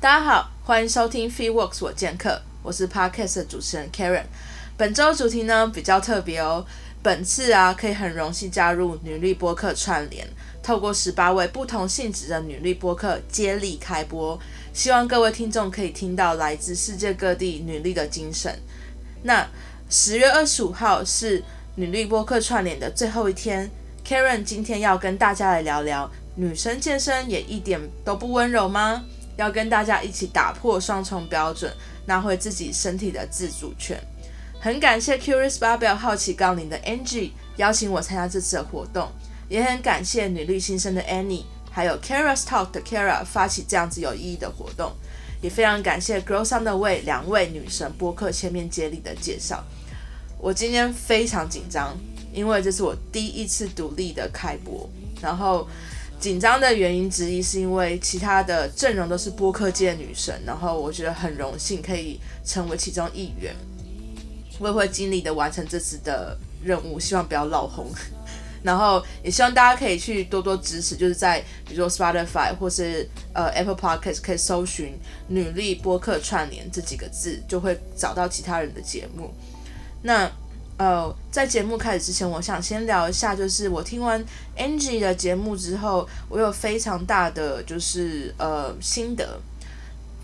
大家好，歡迎收聽 Free Works 我健客，我是 Podcast 的主持人 Karen。本週主題呢比較特別哦，本次啊可以很榮幸加入女力播客串聯，透過十八位不同性質的女力播客接力開播，希望各位聽眾可以聽到來自世界各地女力的精神。那十月二十五號是女力播客串聯的最後一天，Karen 今天要跟大家來聊聊女生健身也一點都不溫柔嗎？要跟大家一起打破雙重標準，拿回自己身體的自主權。很感謝 Curious Barbell 好奇槓鈴的 Angie 邀請我參加這次的活動，也很感謝女力心聲的 Anne，還有 Keria's Talk 的 Keria 發起這樣子有意義的活動。也非常感謝 Girls On The Way 兩位女神播客前面接力的介紹。我今天非常緊張，因為這是我第一次獨立的開播，然後。緊張的原因之一是因為其他的陣容都是播客界的女神，然後我覺得很榮幸可以成為其中一員，我也會盡力的完成這次的任務，希望不要鬧紅。 然後也希望大家可以去多多支持，就是在比如說 Spotify 或是呃 Apple Podcast 可以搜尋“女力播客串聯”這幾個字，就會找到其他人的節目。那呃，oh, 在節目開始之前，我想先聊一下，就是我聽完 Angie 的節目之後，我有非常大的就是呃心得，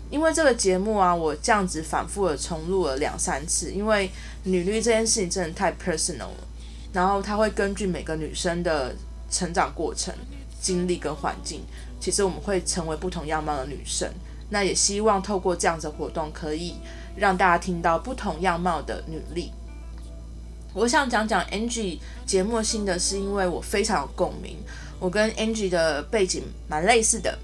因為這個節目啊，我這樣子反覆的重錄了兩三次，因為女力這件事情真的太 personal 了。然後它會根據每個女生的成長過程、經歷跟環境，其實我們會成為不同樣貌的女生，那也希望透過這樣子的活動，可以讓大家聽到不同樣貌的女力。我想講講 Angie 節目性的，是因為我非常有共鳴。我跟 Angie 的背景蠻類似的，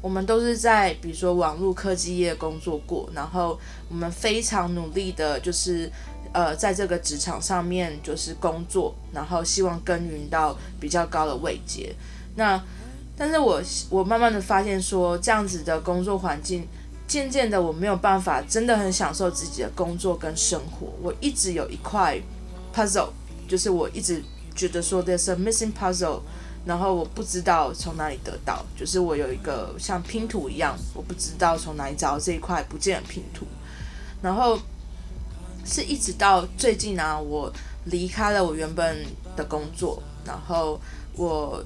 我們都是在比如說網絡科技業工作過，然後我們非常努力的，就是呃在這個職場上面就是工作，然後希望耕耘到比較高的位階。那但是我我慢慢的發現說，這樣子的工作環境，漸漸的我沒有辦法真的很享受自己的工作跟生活。我一直有一塊。Puzzle 就是我一直覺得說 there's a missing puzzle，然後我不知道從哪裡得到，就是我有一個像拼圖一樣，我不知道從哪裡找到這一塊不見的拼圖，然後是一直到最近啊，我離開了我原本的工作，然後我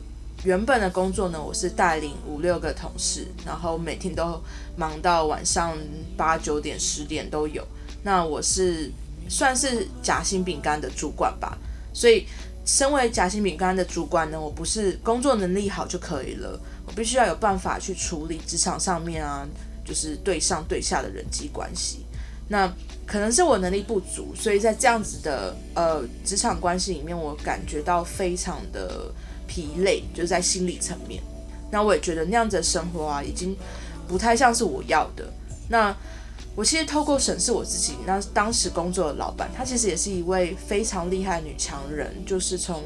原本的工作呢，我是帶領五六個同事，然後每天都忙到晚上八九點十點都有，那我是。算是夾心餅乾的主管吧，所以身為夾心餅乾的主管呢，我不是工作能力好就可以了，我必須要有辦法去處理職場上面啊，就是對上對下的人際關係。那可能是我能力不足，所以在這樣子的呃職場關係裡面，我感覺到非常的疲累，就是在心理層面。那我也覺得那樣子的生活啊，已經不太像是我要的。那。我其實透過審視我自己，那當時工作的老板，她其實也是一位非常厲害的女強人，就是從，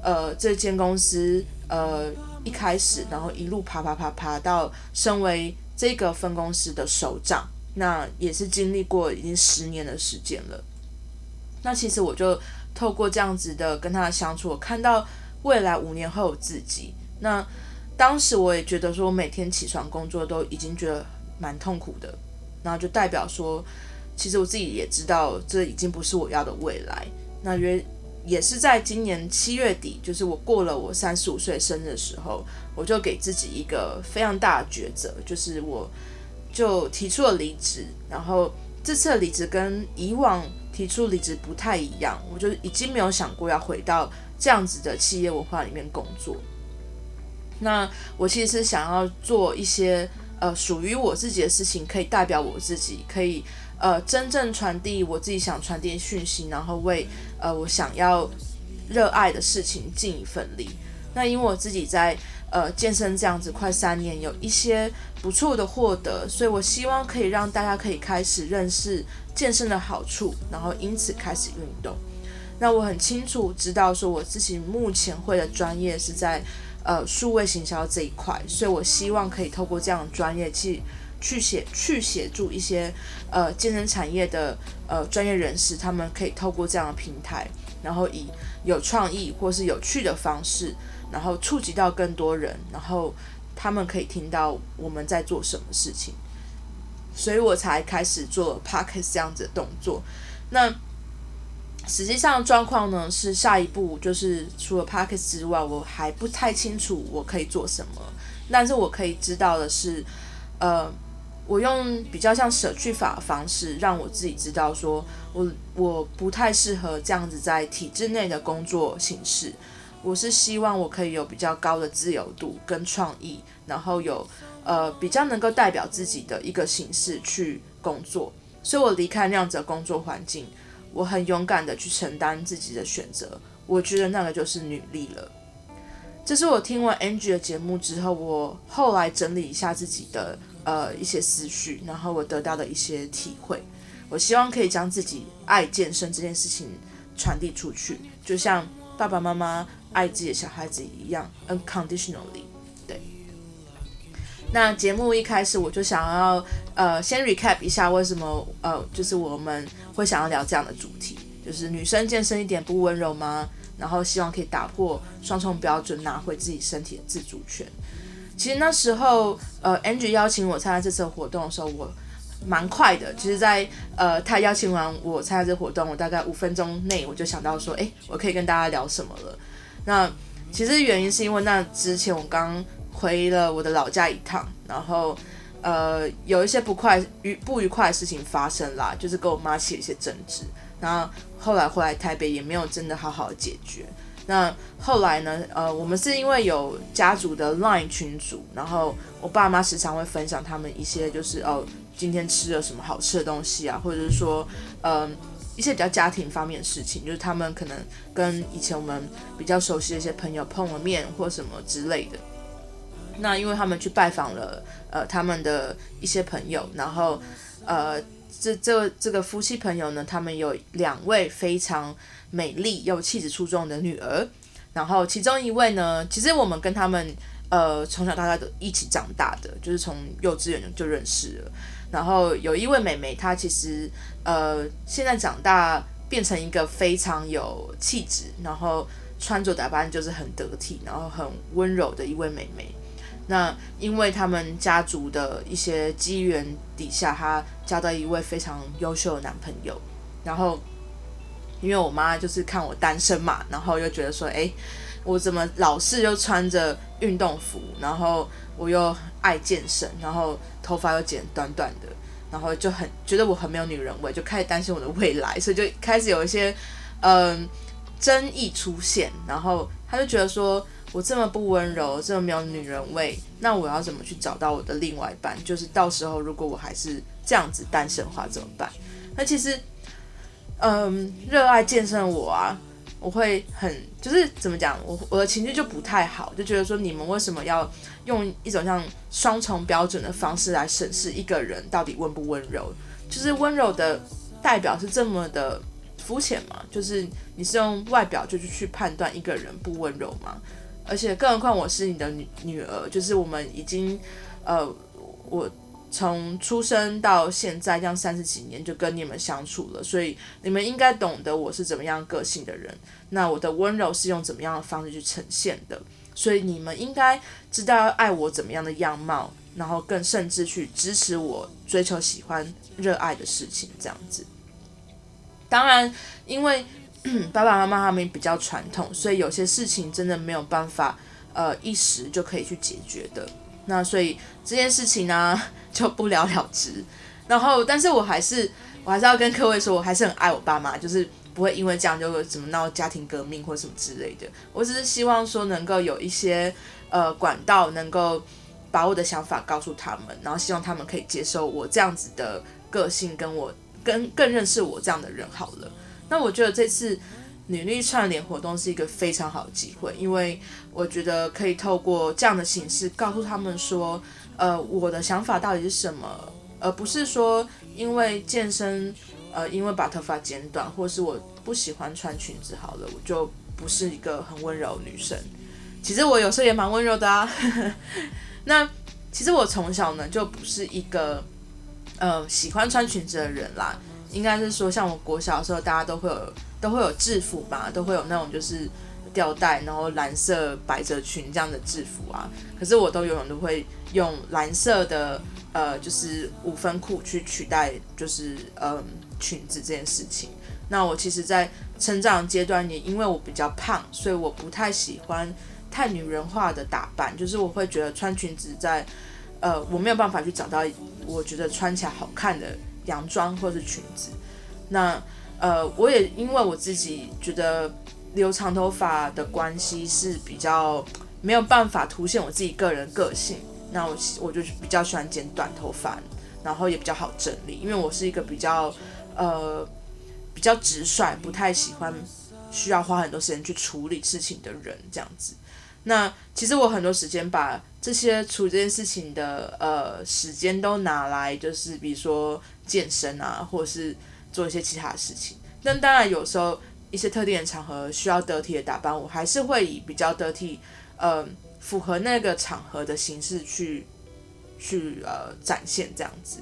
呃，這間公司，呃，一開始，然後一路爬爬爬爬爬到身為這個分公司的首長，那也是經歷過已經十年的時間了。那其實我就透過這樣子的跟她的相處，我看到未來五年後我自己，那當時我也覺得說，我每天起床工作都已經覺得蠻痛苦的。然後就代表說，其實我自己也知道，這已經不是我要的未來。那約也是在今年七月底，就是我過了我三十五歲生日的時候，我就給自己一個非常大的抉擇，就是我就提出了離職。然後這次的離職跟以往提出離職不太一樣，我就已經沒有想過要回到這樣子的企業文化裡面工作。那我其實想要做一些。呃，屬於我自己的事情，可以代表我自己，可以呃，真正傳遞我自己想傳遞訊息，然後為呃我想要熱愛的事情盡一份力。那因為我自己在呃健身這樣子快三年，有一些不錯的獲得，所以我希望可以讓大家可以開始認識健身的好處，然後因此開始運動。那我很清楚知道說我自己目前會的專業是在。呃，數位行銷這一塊，所以我希望可以透過這樣的專業去去寫去協助一些呃健身產業的呃專業人士，他們可以透過這樣的平台，然後以有創意或是有趣的方式，然後觸及到更多人，然後他們可以聽到我們在做什麼事情，所以我才開始做 podcast 這樣子的動作。那實際上狀況呢是，下一步就是除了 Parks 之外，我還不太清楚我可以做什麽。但是我可以知道的是，呃，我用比較像捨去法的方式，讓我自己知道說，我我不太適合這樣子在體制內的工作形式。我是希望我可以有比較高的自由度跟創意，然後有呃比較能夠代表自己的一個形式去工作。所以我離開那樣子的工作環境。我很勇敢的去承擔自己的選擇，我覺得那個就是女力了。這是我聽完 Angie 的節目之後，我後來整理一下自己的呃一些思緒，然後我得到的一些體會。我希望可以將自己愛健身這件事情傳遞出去，就像爸爸媽媽愛自己的小孩子一樣，unconditionally。Un 對。那節目一開始我就想要呃先 recap 一下為什麼呃就是我們。會想要聊這樣的主題，就是女生健身一點不溫柔嗎？然後希望可以打破雙重標準，拿回自己身體的自主權。其實那時候，呃，Angie 邀請我參加這次活動的時候，我蠻快的。其實在呃，他邀請完我參加這活動，我大概五分鐘內我就想到說，哎，我可以跟大家聊什麼了。那其實原因是因為那之前我剛回了我的老家一趟，然後。呃，有一些不快、愉不愉快的事情發生啦，就是跟我媽起了一些爭執，然後後來回來台北也沒有真的好好解決。那後來呢？呃，我們是因為有家族的 LINE 群組，然後我爸媽時常會分享他們一些，就是哦、呃，今天吃了什麼好吃的東西啊，或者是說，呃，一些比較家庭方面的事情，就是他們可能跟以前我們比較熟悉的一些朋友碰了面或什麼之類的。那因為他們去拜訪了，呃，他們的一些朋友，然後，呃，這這這個夫妻朋友呢，他們有兩位非常美麗又氣質出眾的女兒，然後其中一位呢，其實我們跟他們，呃，從小到大都一起長大的，就是從幼稚園就認識了，然後有一位妹妹，她其實，呃，現在長大變成一個非常有氣質，然後穿着打扮就是很得體，然後很溫柔的一位妹妹。那因為他們家族的一些機緣底下，她交到一位非常優秀的男朋友，然後因為我媽就是看我單身嘛，然後又覺得說，哎、欸，我怎麼老是又穿着運動服，然後我又愛健身，然後頭髮又剪短短的，然後就很覺得我很沒有女人味，就開始擔心我的未來，所以就開始有一些呃爭議出現，然後他就覺得說。我這麼不溫柔，這麼沒有女人味，那我要怎麼去找到我的另外一半？就是到時候如果我還是這樣子單身的話，怎麼辦？那其實，嗯，熱愛健身的我啊，我會很就是怎麼講，我我的情緒就不太好，就覺得說，你們為什麼要用一種像雙重標準的方式來審視一個人到底溫不溫柔？就是溫柔的代表是這麼的膚淺嗎？就是你是用外表就去去判斷一個人不溫柔嗎？而且，更何況我是你的女女兒，就是我們已經，呃，我從出生到現在這樣三十幾年就跟你們相處了，所以你們應該懂得我是怎麼樣個性的人。那我的溫柔是用怎麼樣的方式去呈現的？所以你們應該知道愛我怎麼樣的樣貌，然後更甚至去支持我追求喜歡、熱愛的事情，這樣子。當然，因為。 爸爸媽媽他們也比較傳統，所以有些事情真的沒有辦法，呃，一時就可以去解決的。那所以這件事情呢，就不了了之。然後，但是我還是我還是要跟各位說，我還是很愛我爸媽，就是不會因為這樣就怎麼鬧家庭革命或者什麼之類的。我只是希望說，能夠有一些呃管道，能夠把我的想法告訴他們，然後希望他們可以接受我這樣子的個性，跟我跟更，更認識我這樣的人好了。那我覺得這次女力串聯活動是一個非常好的機會，因為我覺得可以透過這樣的形式告訴他們說，呃，我的想法到底是什麼，而、呃、不是說因為健身，呃，因為把頭髮剪短，或是我不喜歡穿裙子，好了，我就不是一個很溫柔女生。其實我有時候也蠻溫柔的啊。 那其實我從小呢就不是一個，呃，喜歡穿裙子的人啦。應該是說，像我國小的時候，大家都會有都會有制服嘛，都會有那種就是吊帶，然後藍色百褶裙這樣的制服啊。可是我都永遠都會用藍色的呃，就是五分褲去取代，就是呃裙子這件事情。那我其實，在成長階段也因為我比較胖，所以我不太喜歡太女人化的打扮，就是我會覺得穿裙子在呃我沒有辦法去找到我覺得穿起來好看的。洋裝或是裙子，那呃，我也因為我自己覺得留長頭髮的關係，是比較沒有辦法凸顯我自己個人個性，那我我就比較喜歡剪短頭髮，然後也比較好整理，因為我是一個比較呃比較直率，不太喜歡需要花很多時間去處理事情的人這樣子。那其實我很多時間把這些處理這件事情的呃時間都拿來，就是比如說。健身啊，或者是做一些其他的事情。那當然，有時候一些特定的場合需要得體的打扮，我還是會以比較得體，呃，符合那個場合的形式去去呃展現這樣子。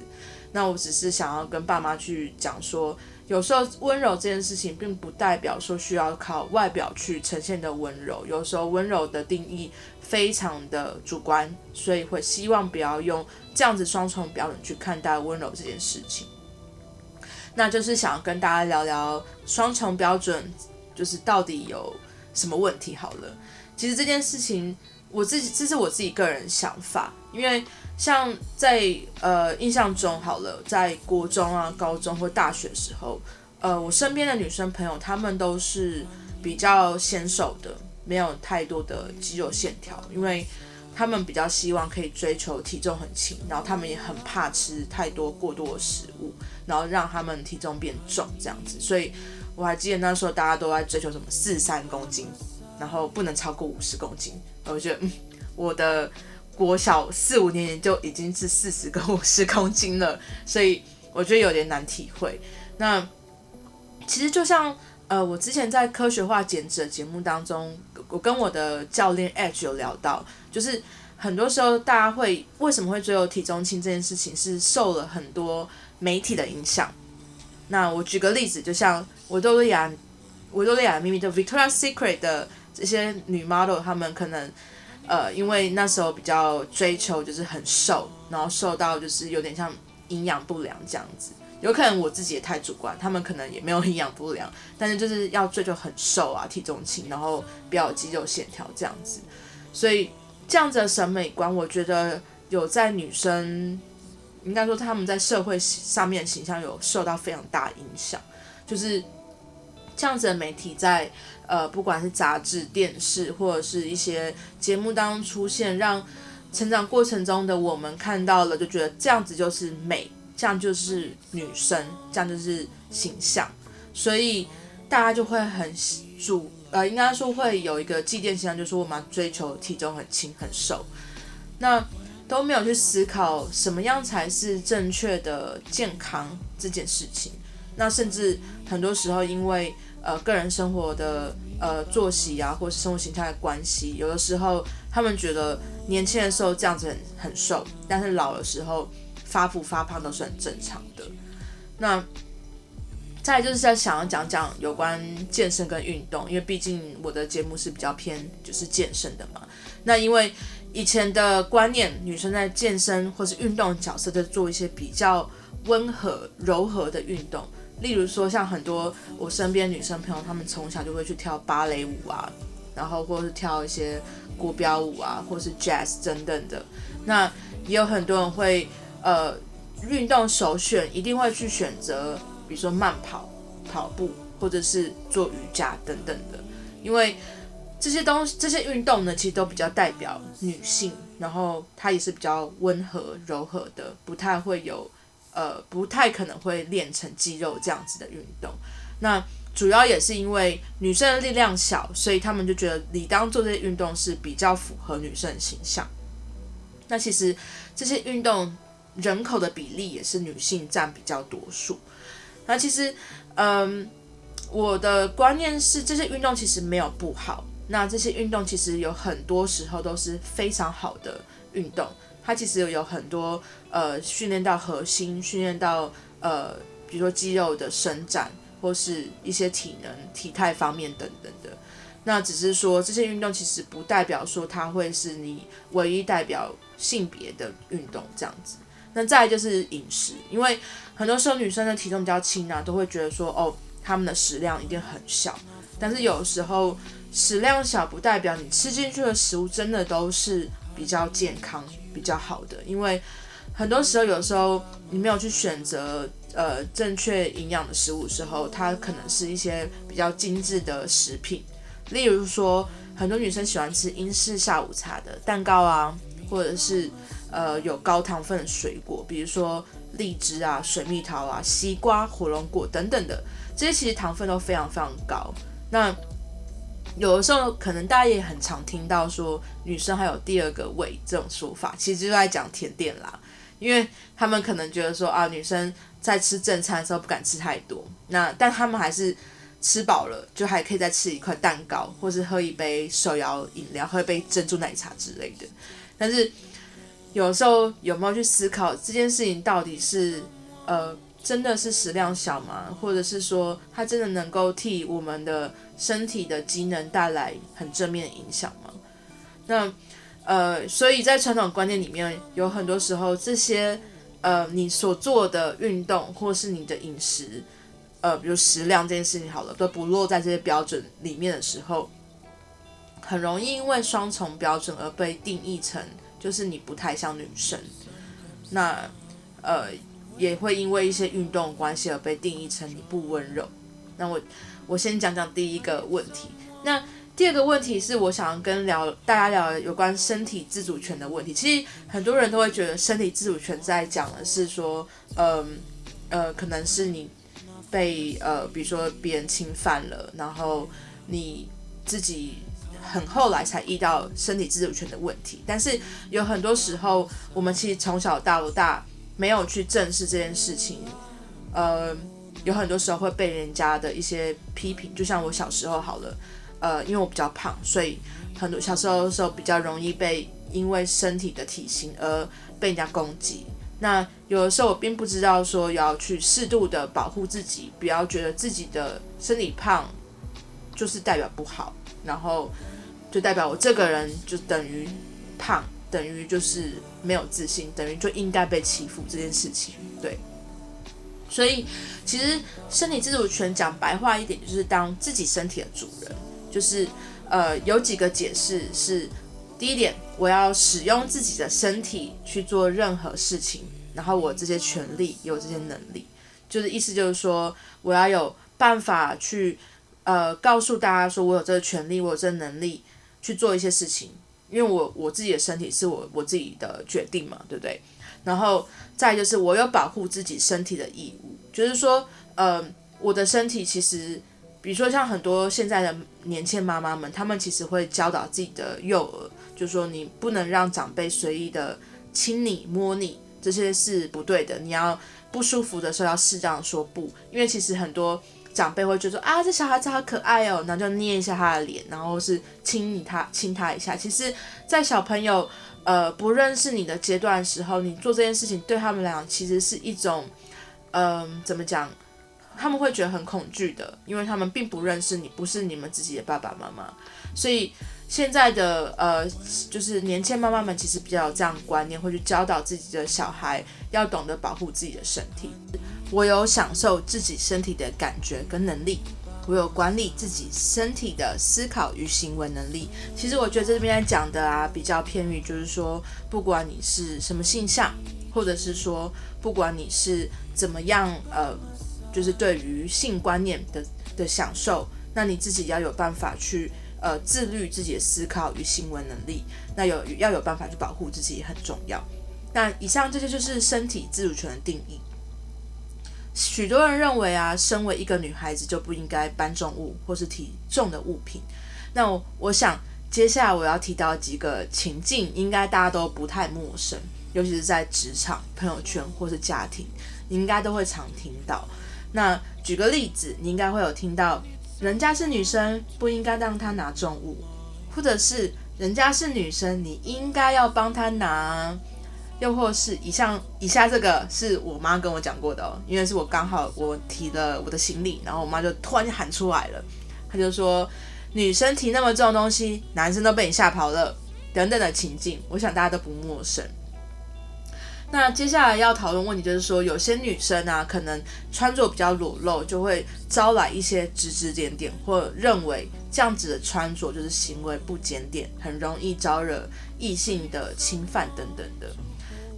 那我只是想要跟爸媽去講說，有時候溫柔這件事情，並不代表說需要靠外表去呈現的溫柔。有時候溫柔的定義非常的主觀，所以會希望不要用這樣子雙重標準去看待溫柔這件事情。那就是想跟大家聊聊雙重標準，就是到底有什麼問題好了。其實這件事情。我自己這是我自己個人想法，因為像在呃印象中好了，在國中啊、高中或大學的時候，呃，我身邊的女生朋友她們都是比較纖瘦的，沒有太多的肌肉線條，因為她們比較希望可以追求體重很輕，然後她們也很怕吃太多過多的食物，然後讓她們體重變重這樣子，所以我還記得那時候大家都在追求什麼四三公斤。然後不能超過五十公斤，我覺得，嗯，我的國小四五年級就已經是四十跟五十公斤了，所以我覺得有點難體會。那其實就像，呃，我之前在科學化減脂的節目當中，我跟我的教練 Edge 有聊到，就是很多時候大家會為什麼會追求體重輕這件事情，是受了很多媒體的影響。那我舉個例子，就像維多利亞維多利亞的秘密的 Victoria's Secret 的。這些女 model，她們可能，呃，因為那時候比較追求就是很瘦，然後瘦到就是有點像營養不良這樣子。有可能我自己也太主觀，她們可能也沒有營養不良，但是就是要追求很瘦啊，體重輕，然後比較肌肉線條這樣子。所以這樣子的審美觀，我覺得有在女生，應該說他們在社會上面形象有受到非常大影響，就是。這樣子的媒體在，呃，不管是雜誌、電視或者是一些節目當中出現，讓成長過程中的我們看到了，就覺得這樣子就是美，這樣就是女生，這樣就是形象，所以大家就會很主，呃，應該說會有一個既定形象，就是我們要追求體重很輕、很瘦，那都沒有去思考什麼樣才是正確的健康這件事情，那甚至很多時候因為。呃，個人生活的呃作息啊，或是生活形態的關係，有的時候他們覺得年輕的時候這樣子很很瘦，但是老的時候發福發胖都是很正常的。那再就是在想要講講有關健身跟運動，因為畢竟我的節目是比較偏就是健身的嘛。那因為以前的觀念，女生在健身或是運動角色在做一些比較溫和柔和的運動。例如說，像很多我身邊女生朋友，她們從小就會去跳芭蕾舞啊，然後或是跳一些國標舞啊，或是 Jazz 等等的。那也有很多人會，呃，運動首選一定會去選擇，比如說慢跑、跑步，或者是做瑜伽等等的，因為這些東西這些運動呢，其實都比較代表女性，然後它也是比較溫和柔和的，不太會有。呃，不太可能會練成肌肉這樣子的運動。那主要也是因為女生的力量小，所以他們就覺得你當做這些運動是比較符合女生的形象。那其實這些運動人口的比例也是女性佔比較多數。那其實，嗯，我的觀念是這些運動其實沒有不好。那這些運動其實有很多時候都是非常好的運動。它其實有很多呃訓練到核心，訓練到呃比如說肌肉的伸展，或是一些體能、體態方面等等的。那只是說，這些運動其實不代表說它會是你唯一代表性別的運動這樣子。那再來就是飲食，因為很多時候女生的體重比較輕啊，都會覺得說哦，她們的食量一定很小。但是有時候食量小不代表你吃進去的食物真的都是比較健康。比較好的，因為很多時候，有時候你沒有去選擇呃正確營養的食物的時候，它可能是一些比較精致的食品，例如說很多女生喜歡吃英式下午茶的蛋糕啊，或者是呃有高糖分的水果，比如說荔枝啊、水蜜桃啊、西瓜、火龍果等等的，這些其實糖分都非常非常高。那有的時候，可能大家也很常聽到說女生還有第二個胃這種說法，其實就在講甜點啦，因為他們可能覺得說啊，女生在吃正餐的時候不敢吃太多，那但他們還是吃飽了就還可以再吃一塊蛋糕，或是喝一杯手搖飲料，喝一杯珍珠奶茶之類的。但是有的時候有沒有去思考這件事情到底是呃？真的是食量小嗎？或者是說，它真的能夠替我們的身體的機能帶來很正面的影響嗎？那呃，所以在傳統觀念裡面，有很多時候這些呃，你所做的運動或是你的飲食，呃，比如食量這件事情好了，都不落在這些標準裡面的時候，很容易因為雙重標準而被定義成就是你不太像女生。那呃，也會因為一些運動關係而被定義成你不溫柔。那我我先講講第一個問題。那第二個問題是我想跟聊大家聊有關身體自主權的問題。其實很多人都會覺得身體自主權在講的是說，嗯呃，呃，可能是你被呃比如說別人侵犯了，然後你自己很後來才遇到身體自主權的問題。但是有很多時候，我們其實從小到大。沒有去正視這件事情，呃，有很多時候會被人家的一些批評。就像我小時候好了，呃，因為我比較胖，所以很多小時候的時候比較容易被因為身體的體型而被人家攻擊。那有的時候我並不知道說要去適度的保護自己，不要覺得自己的身體胖就是代表不好，然後就代表我這個人就等於胖。等於就是沒有自信，等於就應該被欺負這件事情，對。所以，其實身體自主權講白話一點就是當自己身體的主人，就是呃有幾個解釋是：第一點，我要使用自己的身體去做任何事情，然後我這些權利有這些能力，就是意思就是說我要有辦法去呃告訴大家說我有這個權利，我有這個能力去做一些事情。因為我我自己的身體是我我自己的決定嘛，對不對？然後再就是我有保護自己身體的義務，就是說，呃，我的身體其實，比如說像很多現在的年輕媽媽們，她們其實會教導自己的幼兒，就是說你不能讓長輩隨意的親你，摸你，這些是不對的。你要不舒服的時候要適當說不，因為其實很多。長輩會覺得啊，這小孩子好可愛哦，然後就捏一下他的臉，然後是親你他親他一下。其實，在小朋友呃不認識你的階段的時候，你做這件事情對他們來講，其實是一種嗯、呃，怎麼講？他們會覺得很恐懼的，因為他們並不認識你，不是你們自己的爸爸媽媽。所以現在的呃，就是年輕媽媽們其實比較有這樣的觀念，會去教導自己的小孩要懂得保護自己的身體。我有享受自己身體的感覺跟能力，我有管理自己身體的思考與行為能力。其實我覺得這邊講的啊，比較偏於就是說，不管你是什麼性向，或者是說，不管你是怎麼樣，呃，就是對於性觀念的的享受，那你自己要有辦法去呃自律自己的思考與行為能力，那有要有辦法去保護自己很重要。那以上這些就是身體自主權的定義。許多人認為啊，身為一個女孩子就不應該搬重物或是提重的物品。那我，我想，接下來我要提到幾個情境，應該大家都不太陌生，尤其是在職場、朋友圈或是家庭，你應該都會常聽到。那舉個例子，你應該會有聽到，人家是女生，不應該讓她拿重物，或者是人家是女生，你應該要幫她拿。又或是以下以下這個是我媽跟我講過的哦，因為是我剛好我提了我的行李，然後我媽就突然就喊出來了，她就說：“女生提那麼重的東西，男生都被你嚇跑了。”等等的情境，我想大家都不陌生。那接下來要討論問題就是說，有些女生啊，可能穿着比較裸露，就會招來一些指指點點，或認為這樣子的穿着就是行為不檢點，很容易招惹異性的侵犯等等的。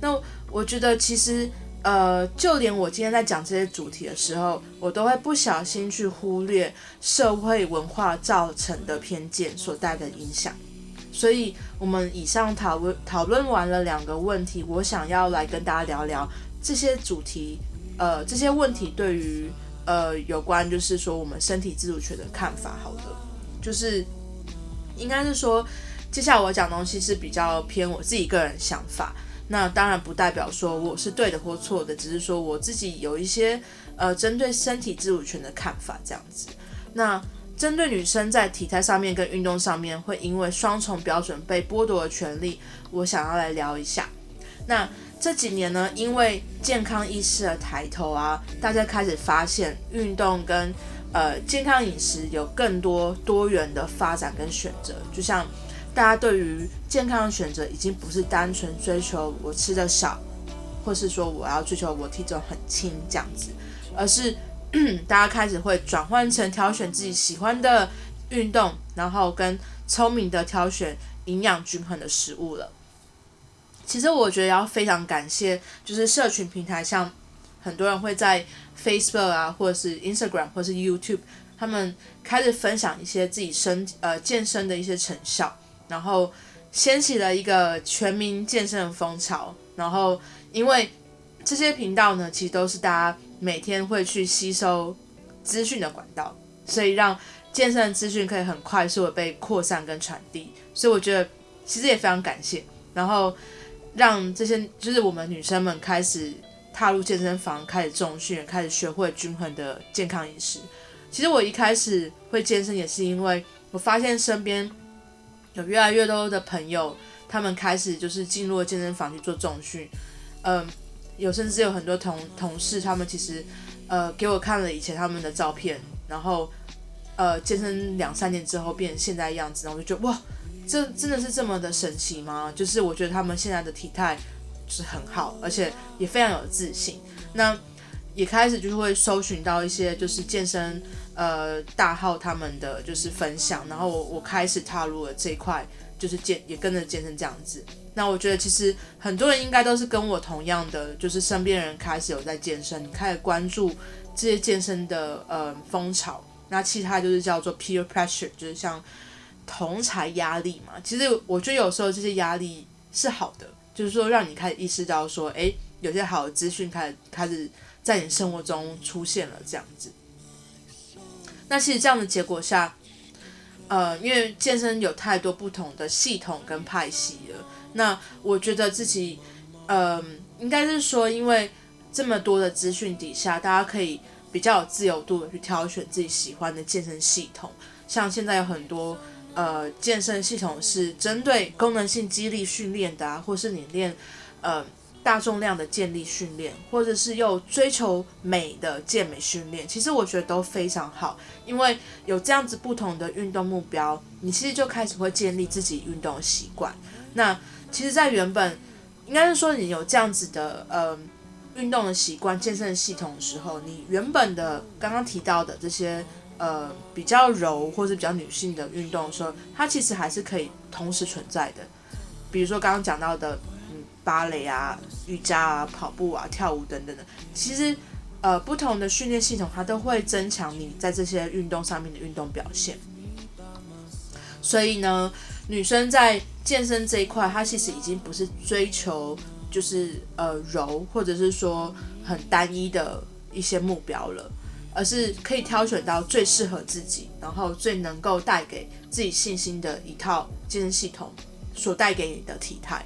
那我覺得，其實，呃，就連我今天在講這些主題的時候，我都會不小心去忽略社會文化造成的偏見所帶來的影響。所以，我們以上討論討論完了兩個問題，我想要來跟大家聊聊這些主題，呃，這些問題對於呃有關就是說我們身體自主權的看法。好的，就是應該是說，接下來我講東西是比較偏我自己個人想法。那當然不代表說我是對的或錯的，只是說我自己有一些呃針對身體自主權的看法這樣子。那針對女生在體態上面跟運動上面會因為雙重標準被剝奪的權利，我想要來聊一下。那這幾年呢，因為健康意識的抬頭啊，大家開始發現運動跟呃健康飲食有更多多元的發展跟選擇，就像。大家對於健康的選擇已經不是單純追求我吃的少，或是說我要追求我體重很輕這樣子，而是大家開始會轉換成挑選自己喜歡的運動，然後跟聰明的挑選營養均衡的食物了。其實我覺得要非常感謝，就是社群平台，像很多人會在 Facebook 啊，或者是 Instagram，或者是 YouTube，他們開始分享一些自己身呃健身的一些成效。然後掀起了一個全民健身的風潮，然後因為這些頻道呢，其實都是大家每天會去吸收資訊的管道，所以讓健身的資訊可以很快速的被擴散跟傳遞。所以我覺得其實也非常感謝，然後讓這些就是我們女生們開始踏入健身房，開始重訓，開始學會均衡的健康飲食。其實我一開始會健身也是因為我發現身邊。有越來越多的朋友，他們開始就是進入了健身房去做重訓，嗯、呃，有甚至有很多同同事，他們其實，呃，給我看了以前他們的照片，然後，呃，健身兩三年之後變成現在樣子，然後我就覺得哇，這真的是這麼的神奇嗎？就是我覺得他們現在的體態是很好，而且也非常有自信。那也開始就是會搜尋到一些就是健身，呃，大號他們的就是分享，然後我，我開始踏入了這一塊，就是健也跟着健身這樣子。那我覺得其實很多人應該都是跟我同樣的，就是身邊人開始有在健身，你開始關注這些健身的呃風潮。那其他就是叫做 peer pressure，就是像同儕壓力嘛。其實我覺得有時候這些壓力是好的，就是說讓你開始意識到說，哎、欸，有些好的資訊開始開始。開始在你生活中出現了這樣子，那其實這樣的結果下，呃，因為健身有太多不同的系統跟派系了。那我覺得自己，嗯、呃，應該是說，因為這麼多的資訊底下，大家可以比較有自由度的去挑選自己喜歡的健身系統。像現在有很多，呃，健身系統是針對功能性肌力訓練的，啊，或是你練，呃。大重量的健力訓練，或者是又追求美的健美訓練，其實我覺得都非常好，因為有這樣子不同的運動目標，你其實就開始會建立自己運動的習慣。那其實，在原本應該是說你有這樣子的呃運動的習慣、健身系統的時候，你原本的剛剛提到的這些呃比較柔或是比較女性的運動的時候，它其實還是可以同時存在的。比如說剛剛講到的。芭蕾啊、瑜伽啊、跑步啊、跳舞等等的，其實，呃，不同的訓練系統它都會增強你在這些運動上面的運動表現。所以呢，女生在健身這一塊，她其實已經不是追求就是呃柔，或者是說很單一的一些目標了，而是可以挑選到最適合自己，然後最能夠帶給自己信心的一套健身系統所帶給你的體態。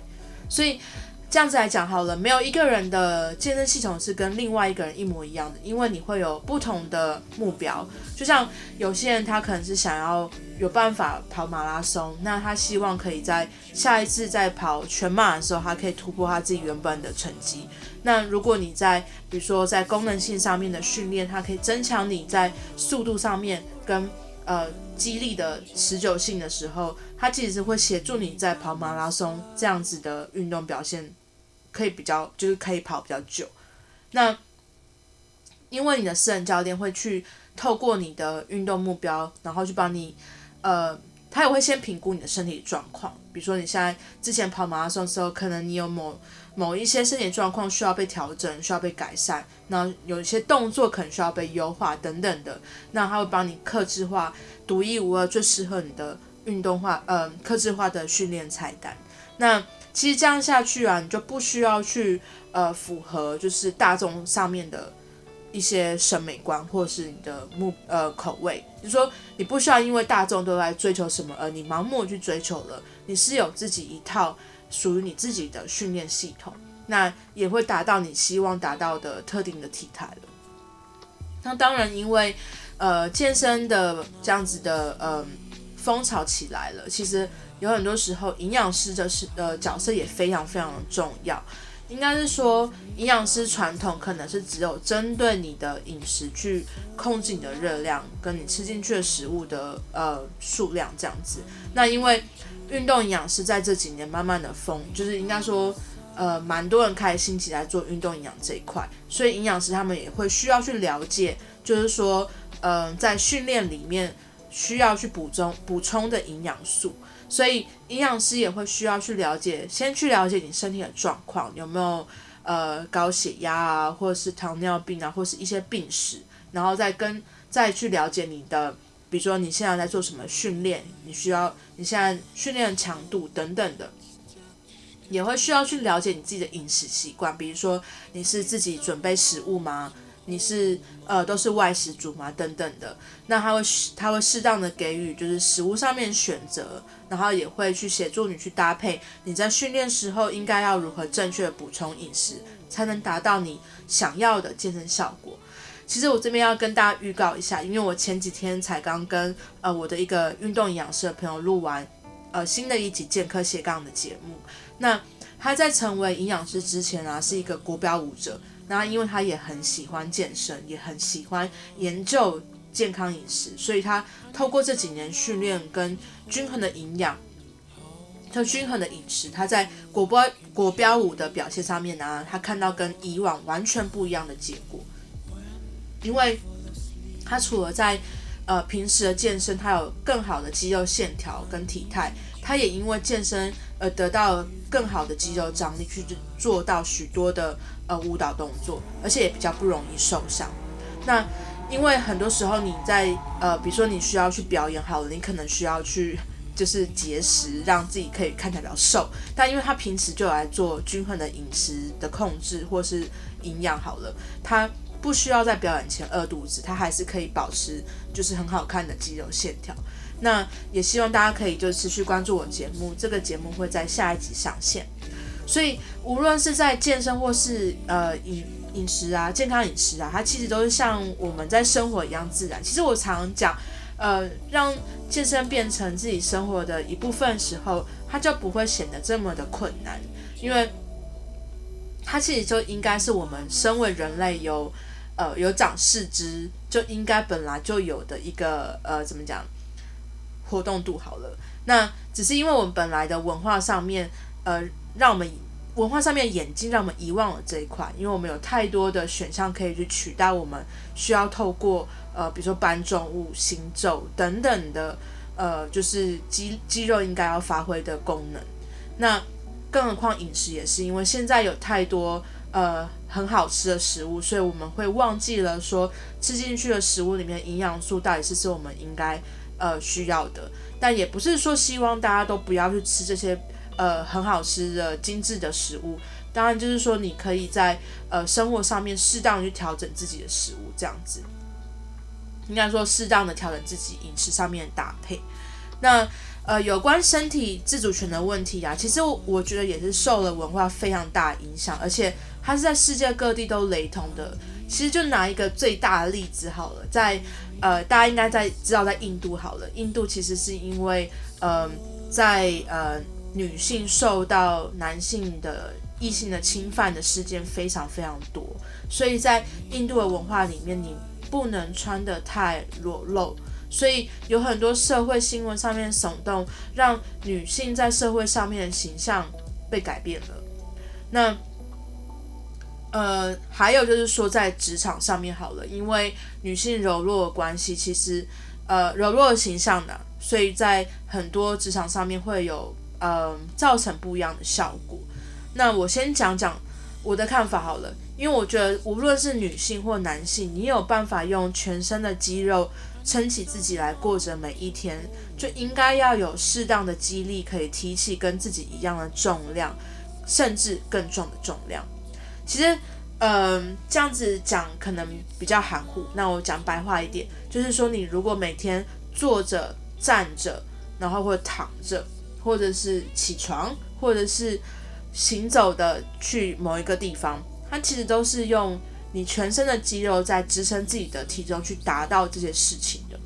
所以這樣子來講好了，沒有一個人的健身系統是跟另外一個人一模一樣的，因為你會有不同的目標。就像有些人他可能是想要有辦法跑馬拉松，那他希望可以在下一次在跑全馬的時候，他可以突破他自己原本的成績。那如果你在，比如說在功能性上面的訓練，它可以增強你在速度上面跟。呃，肌力的持久性的時候，它其實是會協助你在跑馬拉松這樣子的運動表現，可以比較就是可以跑比較久。那因為你的私人教練會去透過你的運動目標，然後去幫你，呃，他也會先評估你的身體狀況，比如說你現在之前跑馬拉松的時候，可能你有某。某一些身體狀況需要被調整，需要被改善，那有一些動作可能需要被優化等等的，那它會幫你客製化，獨一無二最適合你的運動化，呃，客製化的訓練菜單。那其實這樣下去啊，你就不需要去呃符合就是大眾上面的一些審美觀，或是你的目呃口味，就是說，你不需要因為大眾都來追求什麼，而你盲目去追求了，你是有自己一套，屬於你自己的訓練系統，那也會達到你希望達到的特定的體態了。那當然，因為呃健身的這樣子的嗯、呃、風潮起來了，其實有很多時候營養師的、就是呃角色也非常非常的重要。應該是說，營養師傳統可能是只有針對你的飲食去控制你的熱量，跟你吃進去的食物的呃數量這樣子。那因為。運動營養師在這幾年慢慢的瘋，就是應該說，呃，蠻多人開始興起來做運動營養這一塊，所以營養師他們也會需要去了解，就是說，嗯、呃，在訓練裡面需要去補充補充的營養素，所以營養師也會需要去了解，先去了解你身體的狀況有沒有呃高血壓啊，或者是糖尿病啊，或者是一些病史，然後再跟再去了解你的。比如說你現在在做什麼訓練，你需要你現在訓練的強度等等的，也會需要去了解你自己的飲食習慣。比如說你是自己準備食物嗎？你是呃都是外食族嗎？等等的，那他會他會適當的給予就是食物上面選擇，然後也會去協助你去搭配你在訓練時候應該要如何正確的補充飲食，才能達到你想要的健身效果。其實我這邊要跟大家預告一下，因為我前幾天才剛跟呃我的一個運動營養師的朋友錄完，呃新的一集《健客斜槓》的節目。那他在成為營養師之前呢、啊，是一個國標舞者。那因為他也很喜歡健身，也很喜歡研究健康飲食，所以他透過這幾年訓練跟均衡的營養，就均衡的飲食，他在國標國標舞的表現上面呢、啊，他看到跟以往完全不一樣的結果。因為他除了在呃平時的健身，他有更好的肌肉線條跟體態，他也因為健身而得到更好的肌肉張力，去做到許多的呃舞蹈動作，而且也比較不容易受傷。那因為很多時候你在呃，比如說你需要去表演，好了，你可能需要去就是節食，讓自己可以看起來比較瘦，但因為他平時就來做均衡的飲食的控制或是營養好了，他。不需要在表演前餓肚子，它還是可以保持就是很好看的肌肉線條。那也希望大家可以就持續關注我節目，這個節目會在下一集上線。所以無論是在健身或是呃飲飲食啊、健康飲食啊，它其實都是像我們在生活一樣自然。其實我常講，呃，讓健身變成自己生活的一部分時候，它就不會顯得這麼的困難，因為它其實就應該是我們身為人類有。呃，有長四肢就應該本來就有的一個呃，怎麼講，活動度好了。那只是因為我們本來的文化上面呃，讓我們文化上面眼睛讓我們遺忘了這一塊，因為我們有太多的選項可以去取代我們需要透過呃，比如說搬重物、行走等等的呃，就是肌肌肉應該要發揮的功能。那更何況飲食也是，因為現在有太多。呃，很好吃的食物，所以我們會忘記了說，吃進去的食物裡面營養素到底是不是我們應該呃需要的。但也不是說希望大家都不要去吃這些呃很好吃的精致的食物。當然，就是說你可以在呃生活上面適當去調整自己的食物，這樣子應該說適當的調整自己飲食上面的搭配。那呃有關身體自主權的問題啊，其實我覺得也是受了文化非常大影響，而且。它是在世界各地都雷同的，其實就拿一個最大的例子好了，在呃，大家應該在知道在印度好了，印度其實是因為呃，在呃女性受到男性的異性的侵犯的事件非常非常多，所以在印度的文化裡面，你不能穿得太裸露，所以有很多社會新聞上面的聳動，讓女性在社會上面的形象被改變了，那。呃，還有就是說，在職場上面好了，因為女性柔弱的關係，其實呃柔弱的形象呢，所以在很多職場上面會有呃造成不一樣的效果。那我先講講我的看法好了，因為我覺得無論是女性或男性，你有辦法用全身的肌肉撐起自己來過着每一天，就應該要有適當的肌力，可以提起跟自己一樣的重量，甚至更重的重量。其實，嗯、呃，這樣子講可能比較含糊。那我講白話一點，就是說，你如果每天坐着、站着，然後或躺着，或者是起床，或者是行走的去某一個地方，它其實都是用你全身的肌肉在支撐自己的體重去達到這些事情的。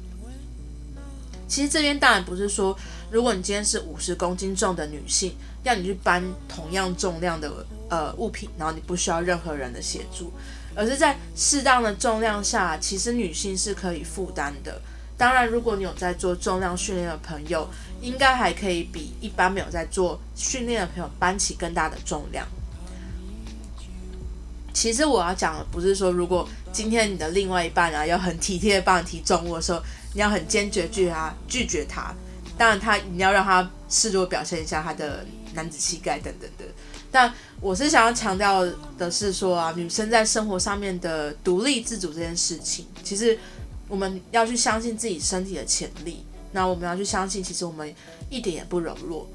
其實這邊當然不是說，如果你今天是五十公斤重的女性，要你去搬同樣重量的。呃，物品，然後你不需要任何人的協助，而是在適當的重量下，其實女性是可以負擔的。當然，如果你有在做重量訓練的朋友，應該還可以比一般沒有在做訓練的朋友搬起更大的重量。其實我要講的不是說，如果今天你的另外一半啊，要很體貼的幫你提重物的時候，你要很堅決拒絕他。拒絕他。當然他，他你要讓他示弱表現一下他的男子氣概等等的。但我是想要強調的是，說啊，女生在生活上面的獨立自主這件事情，其實我們要去相信自己身體的潛力，那我們要去相信，其實我們一點也不柔弱。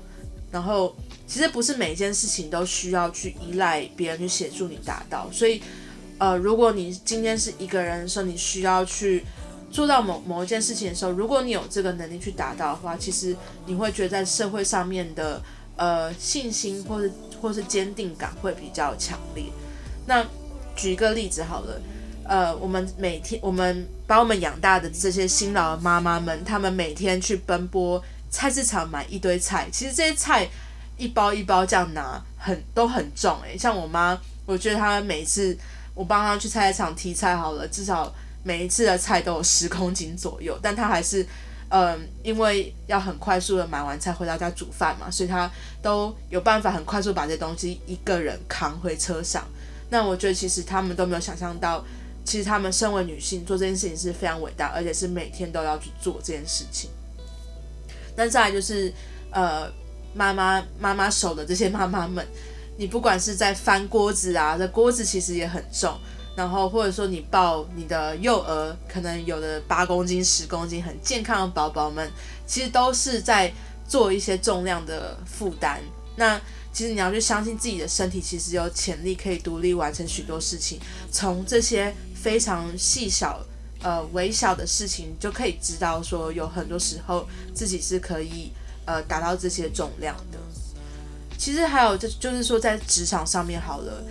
然後，其實不是每一件事情都需要去依賴別人去協助你達到。所以，呃，如果你今天是一個人的時候，你需要去做到某某一件事情的時候，如果你有這個能力去達到的話，其實你會覺得在社會上面的。呃，信心或是或是堅定感會比較強烈。那舉一個例子好了，呃，我們每天我們把我們養大的這些辛勞的媽媽們，她們每天去奔波菜市場買一堆菜，其實這些菜一包一包這樣拿很都很重誒、欸。像我媽，我覺得她每次我幫她去菜市場提菜好了，至少每一次的菜都有十公斤左右，但她還是。嗯，因為要很快速的買完菜回到家煮飯嘛，所以他都有辦法很快速把這東西一個人扛回車上。那我覺得其實他們都沒有想象到，其實他們身為女性做這件事情是非常偉大，而且是每天都要去做這件事情。那再來就是呃，媽媽媽媽手的這些媽媽們，你不管是在翻鍋子啊，這鍋子其實也很重。然後或者說你抱你的幼兒，可能有的八公斤，十公斤很健康的寶寶們，其實都是在做一些重量的負擔。那其實你要去相信自己的身體，其實有潛力可以獨立完成許多事情。從這些非常細小、呃微小的事情，就可以知道說有很多時候自己是可以呃達到這些重量的。其實還有就就是說在職場上面好了。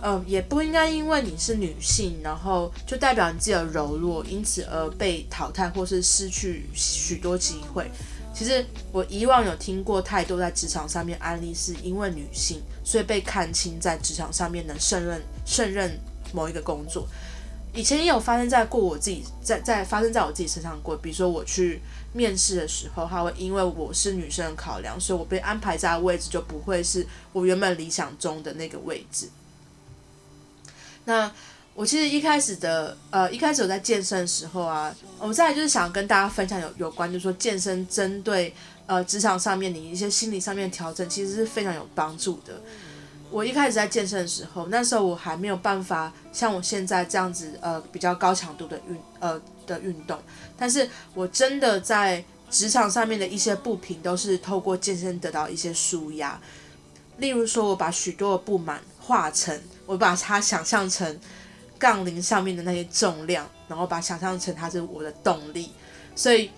嗯、呃，也不應該因為你是女性，然後就代表你自己的柔弱，因此而被淘汰或是失去許多機會。其實我以往有聽過太多在職場上面案例，是因為女性所以被看輕在職場上面能勝任勝任某一個工作。以前也有發生在過我自己，在在發生在我自己身上過。比如說我去面試的時候，他會因為我是女生的考量，所以我被安排在的位置就不會是我原本理想中的那個位置。那我其實一開始的，呃，一開始我在健身的時候啊，我再來就是想跟大家分享有有關，就是說健身針對呃職場上面你一些心理上面的調整，其實是非常有幫助的。我一開始在健身的時候，那時候我還沒有辦法像我現在這樣子，呃，比較高強度的運呃的運動，但是我真的在職場上面的一些不平，都是透過健身得到一些舒壓。例如說，我把許多的不滿。化成，我把它想象成槓鈴上面的那些重量，然後把它想象成它是我的動力。所以，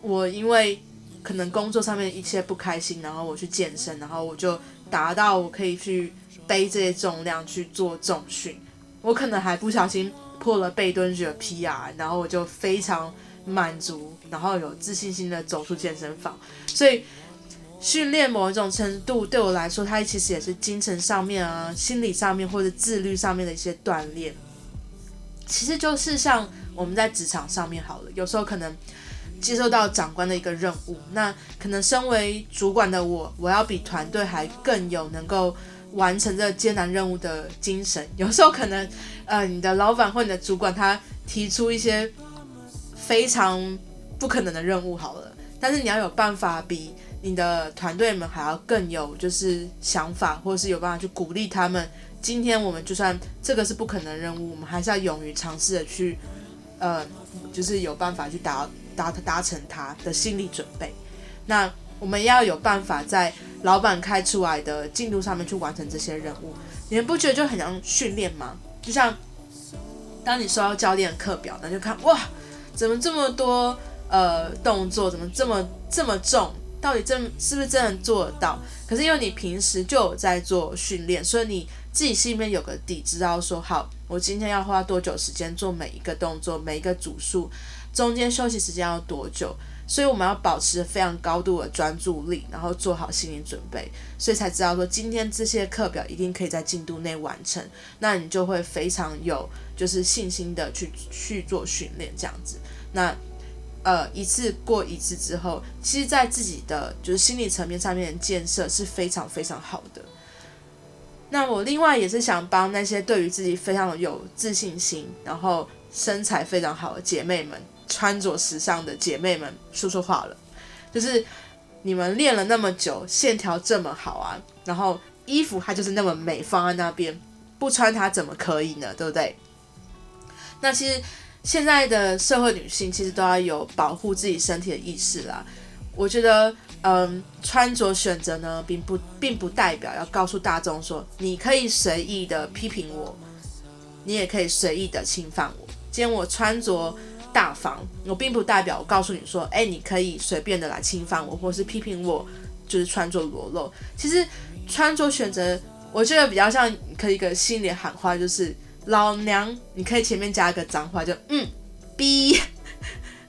我因為可能工作上面一些不開心，然後我去健身，然後我就達到我可以去背這些重量去做重訓。我可能還不小心破了背蹲舉的 PR，然後我就非常滿足，然後有自信心的走出健身房。所以。訓練某一種程度對我來說，它其實也是精神上面啊、心理上面或者自律上面的一些鍛煉。其實就是像我們在職場上面好了，有時候可能接受到長官的一個任務，那可能身為主管的我，我要比團隊還更有能夠完成這艱難任務的精神。有時候可能呃，你的老闆或你的主管他提出一些非常不可能的任務好了，但是你要有辦法比。你的團隊們還要更有就是想法，或者是有辦法去鼓勵他們。今天我們就算這個是不可能任務，我們還是要勇於嘗試的去，呃，就是有辦法去達達達成他的心理準備。那我們要有辦法在老闆開出來的進度上面去完成這些任務。你們不覺得就很像訓練嗎？就像當你收到教練的課表，那就看哇，怎麼這麼多呃動作，怎麼這麼這麼重？到底真是不是真的做到？可是因為你平時就有在做訓練，所以你自己心裡面有個底，知道說好，我今天要花多久時間做每一個動作，每一個組數，中間休息時間要多久，所以我們要保持非常高度的專注力，然後做好心理準備，所以才知道說今天這些課表一定可以在進度內完成，那你就會非常有就是信心的去去做訓練這樣子，那。呃，一次過一次之後，其實，在自己的就是心理層面上面的建設是非常非常好的。那我另外也是想幫那些對於自己非常有自信心，然後身材非常好的姐妹們，穿着時尚的姐妹們說說話了，就是你們練了那麼久，線條這麼好啊，然後衣服它就是那麼美，放在那邊不穿它怎麼可以呢？對不對？那其實。現在的社會女性其實都要有保護自己身體的意識啦。我覺得，嗯，穿着選擇呢，並不並不代表要告訴大眾說，你可以隨意的批評我，你也可以隨意的侵犯我。今天我穿着大方，我並不代表我告訴你說，哎，你可以隨便的來侵犯我，或是批評我，就是穿着裸露。其實，穿着選擇，我覺得比較像一個心裡喊話，就是。老娘，你可以前面加一個髒話就，就嗯，逼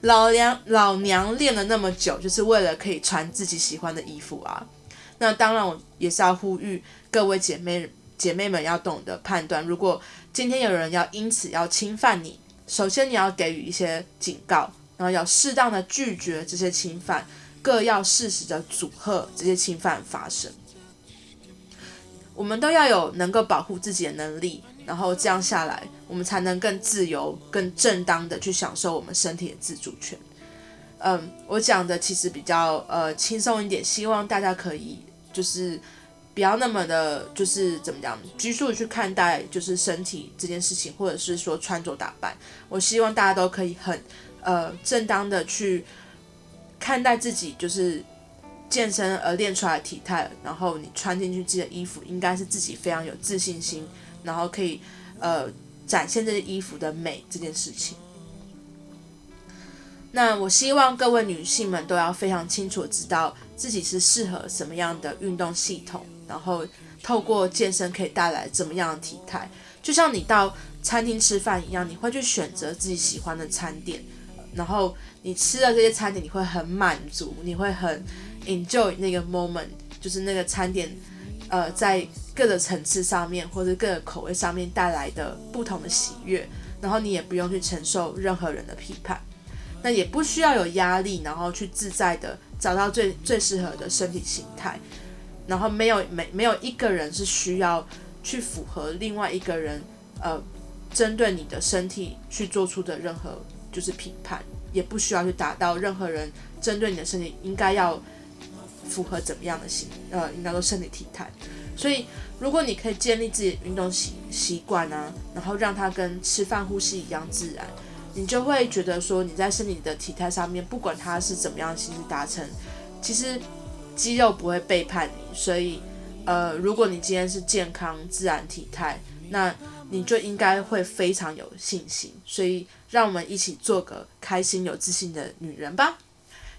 老娘，老娘練了那麼久，就是為了可以穿自己喜歡的衣服啊。那當然，我也是要呼籲各位姐妹姐妹們要懂得判斷。如果今天有人要因此要侵犯你，首先你要給予一些警告，然後要適當的拒絕這些侵犯，各要適時的阻嚇這些侵犯發生。我們都要有能夠保護自己的能力。然後這樣下來，我們才能更自由、更正當的去享受我們身體的自主權。嗯，我講的其實比較呃輕鬆一點，希望大家可以就是不要那麼的，就是怎麼講，拘束去看待就是身體這件事情，或者是說穿着打扮。我希望大家都可以很呃正當的去看待自己，就是健身而練出來的體態，然後你穿進去自己的衣服，應該是自己非常有自信心。然後可以，呃，展現這件衣服的美這件事情。那我希望各位女性們都要非常清楚知道自己是適合什麼樣的運動系統，然後透過健身可以帶來怎麼樣的體態。就像你到餐廳吃飯一樣，你會去選擇自己喜歡的餐點，然後你吃了這些餐點你會很滿足，你會很 enjoy 那個 moment，就是那個餐點，呃，在。各個層次上面，或者各個口味上面帶來的不同的喜悅，然後你也不用去承受任何人的批判，那也不需要有壓力，然後去自在的找到最最適合的身體形態，然後沒有沒沒有一個人是需要去符合另外一個人呃針對你的身體去做出的任何就是評判，也不需要去達到任何人針對你的身體應該要符合怎麼樣的形呃應該說身體體態。所以，如果你可以建立自己的運動習習慣呢，然後讓它跟吃飯、呼吸一樣自然，你就會覺得說，你在身體的體態上面，不管它是怎麼樣形式達成，其實肌肉不會背叛你。所以，呃，如果你今天是健康、自然體態，那你就應該會非常有信心。所以，讓我們一起做個開心、有自信的女人吧。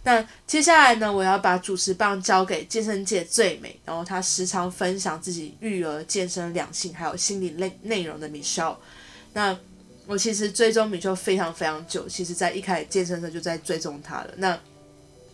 那接下來呢，我要把主持棒交給健身界最美，然後她時常分享自己育兒、健身、兩性還有心理內內容的 Michelle。那我其實追蹤 Michelle 非常非常久，其實在一開始健身的時候就在追蹤他了。那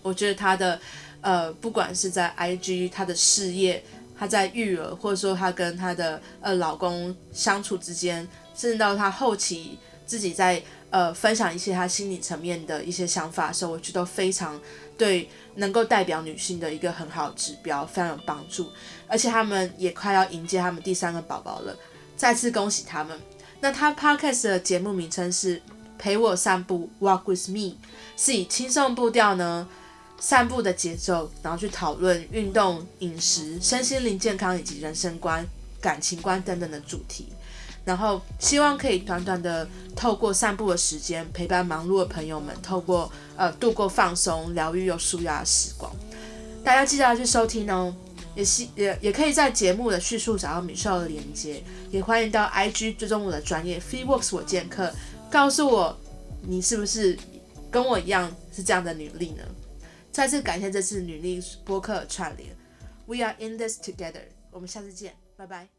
我覺得他的，呃，不管是在 IG、他的事業、他在育兒，或者說他跟他的，呃，老公相處之間，甚至到他後期自己在。呃，分享一些他心理層面的一些想法的時候，所以我覺得都非常對，能夠代表女性的一個很好指標，非常有幫助。而且他們也快要迎接他們第三個寶寶了，再次恭喜他們。那他 podcast 的節目名稱是陪我散步 （Walk with Mi），是以輕鬆步調呢，散步的節奏，然後去討論運動、飲食、身心靈健康以及人生觀、感情觀等等的主題。然後希望可以短短的透過散步的時間，陪伴忙碌的朋友們，透過呃度過放鬆、療癒又舒壓的時光。大家記得要去收聽哦，也希，也也可以在節目的敘述找到 Michelle 的連接，也歡迎到 IG 追蹤我的專業 FreeWorks 我見客，告訴我你是不是跟我一樣是這樣的女力呢？再次感謝這次女力播客串聯，We are in this together，我們下次見，拜拜。